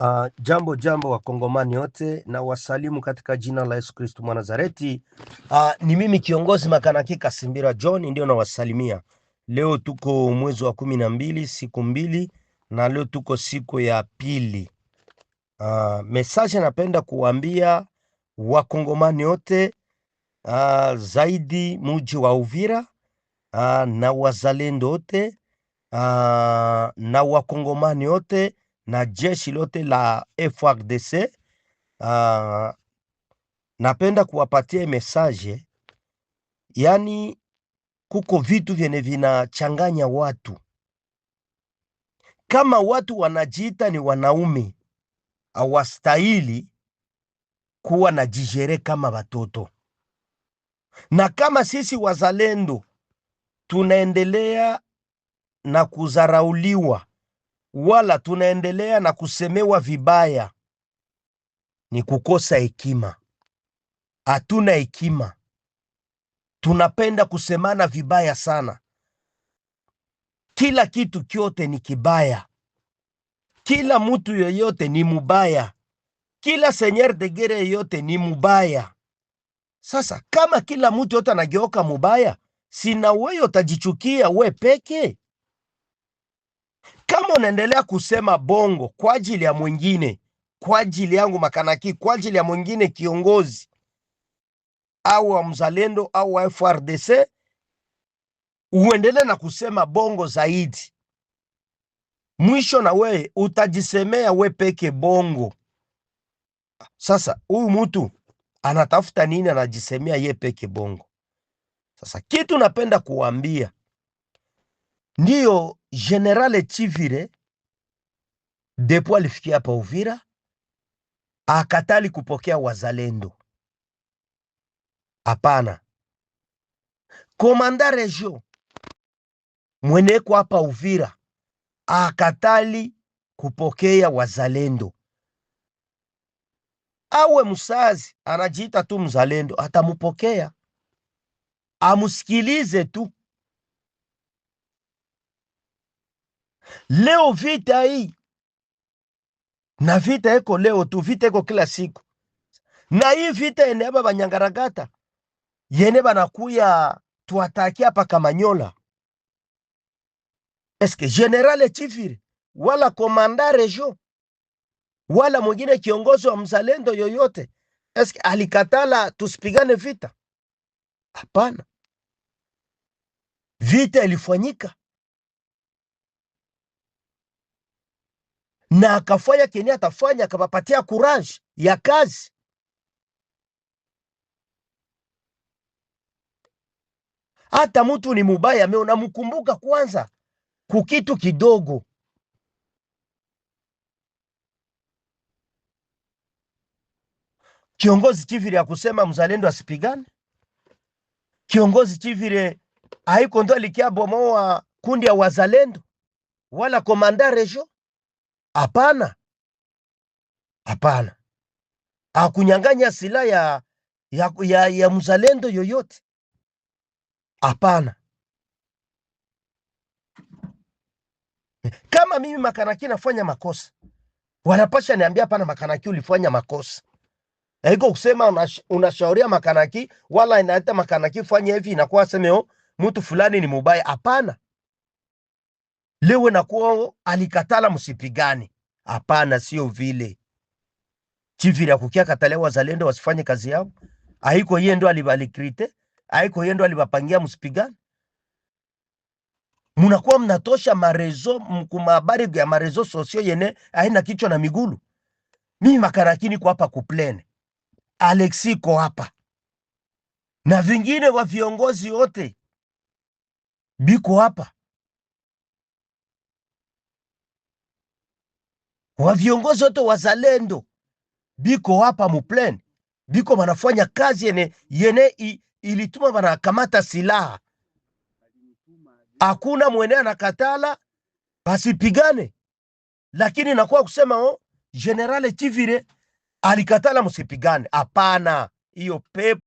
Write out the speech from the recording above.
Uh, jambo jambo wakongomani wote na wasalimu katika jina la Yesu Kristo Mwanazareti. Uh, ni mimi kiongozi Makanaki Kasimbira John ndio nawasalimia leo. Tuko mwezi wa kumi na mbili siku mbili na leo tuko siku ya pili. Uh, ah, mesaje napenda kuwambia wakongomani wote uh, zaidi muji wa Uvira uh, na wazalendo wote uh, na wakongomani wote na jeshi lote la FRDC. Uh, ah, napenda kuwapatia mesaje, yaani kuko vitu vyenye vinachanganya watu. Kama watu wanajiita ni wanaume, hawastahili kuwa na jijere kama watoto, na kama sisi wazalendo tunaendelea na kuzarauliwa wala tunaendelea na kusemewa vibaya ni kukosa hekima. Hatuna hekima, tunapenda kusemana vibaya sana. Kila kitu kyote ni kibaya, kila mtu yoyote ni mubaya, kila senyer degere yoyote ni mubaya. Sasa kama kila mtu yote anageoka mubaya, sina wewe utajichukia we peke kama unaendelea kusema bongo kwa ajili ya mwingine, kwa ajili yangu makanaki, kwa ajili ya mwingine kiongozi au wa mzalendo au wa FRDC, uendelee na kusema bongo zaidi, mwisho na we utajisemea we peke bongo. Sasa huyu mtu anatafuta nini? Anajisemea ye peke bongo. Sasa kitu napenda kuwambia ndiyo general Chivire depo alifikia hapa Uvira akatali kupokea wazalendo. Hapana, komanda regio mweneko hapa Uvira akatali kupokea wazalendo. Awe msazi anajiita tu mzalendo, atamupokea amusikilize tu, Leo vita hii na vita eko leo tu, vita eko kila siku, na hii vita ene aba banyangaragata yene banakuya tuataki hapa Kamanyola. Eske generale Chiviri wala komanda rejo wala mwingine kiongozi wa mzalendo yoyote eske alikatala tusipigane vita? Hapana, vita ilifanyika na akafanya kenye atafanya, akawapatia courage ya kazi. Hata mtu ni mubaya ame unamkumbuka kwanza kukitu kidogo Kiongozi chivile akusema mzalendo asipigane, kiongozi chivile haiko ndo bomoa kundi ya wazalendo wala komanda rejo Hapana, hapana, hakunyang'anya silaha ya, ya, ya, ya mzalendo yoyote. Hapana. Kama mimi makanaki nafanya makosa, wanapasha niambia, hapana, makanaki ulifanya makosa. aiko kusema unashauria makanaki wala inaita makanaki fanya hivi, inakuwa semeo oh, mtu fulani ni mubaya. Hapana lewe na kwao alikatala msipigane. Hapana, sio vile chivili akukia katalia wazalendo wasifanye kazi yao. Haiko yeye ndo alibalikrite, haiko yeye ndo alibapangia msipigane. Munakuwa mnatosha marezo mkumabari ya marezo sosio yene aina kichwa na migulu. Mimi makarakini kwa hapa kuplene Alexi kwa hapa na vingine wa viongozi wote biko hapa wa viongozi wote wazalendo biko hapa muplene, biko banafanya kazi yene, yene ilituma banakamata silaha. Hakuna mwene anakatala basipigane, lakini nakuwa kusema o oh, General Chivire alikatala musipigane. Hapana, hiyo pepo